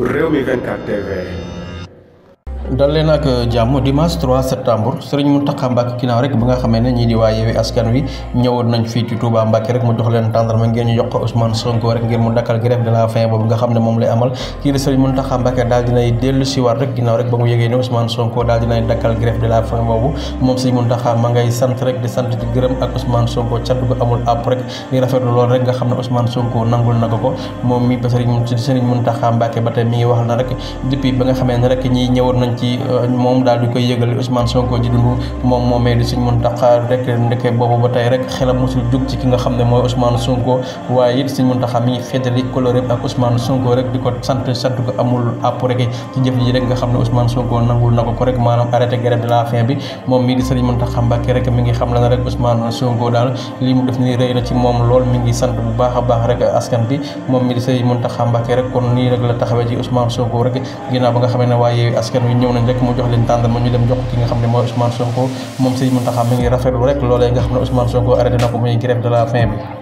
Rewmi 24 TV dal ke ak jàmm dimanche 3 septembre sëriñ Mountakha Mbacké ginnaaw rek ba nga xamee ne di waa wi Askan Wi ñëwoon nañ fi ci Touba mbak rek mu jox leen tàndarma ngeen ñu jox Ousmane Sonko rek ngir mu dakal grève de la faim bobu nga xam mom lay amal kii di sëriñ Mountakha Mbacké daal dinay dellu ci war rek ginaaw rek ba mu yëgee ne Ousmane Sonko daal dinay dakal grève de la faim bobu mom serigne Mountakha ma ngay sante rek di sante di gërëm ak Ousmane Sonko ci amul app rek ni rafet lool rek nga Ousmane Sonko nangul na ko mom mi ba serigne sëriñ Mountakha Mbacké ya, mi ngi wax na rek depuis ba nga xamee rek ñi ñëwoon nañ ci euh, moom daal di koy yëgal Ousmane Sonko ji dund ko sant sant ko amul àpp na ko ko rek maanaam arrêté grève de mu moom moom mii di Sëriñ Mountakha Mbacké rek kon nii rek la taxawee ci Ousmane Sonko rek ginnaaw ba nga xam ne waaye askan wi ñëw ñëw nañ mu jox leen tàndal ñu dem jox ki nga xam ne mooy Ousmane Sonko moom Sëriñ Mountakha mi ngi rafetlu rek loolee nga xam ne Ousmane Sonko arrêté na ko muy grève de la faim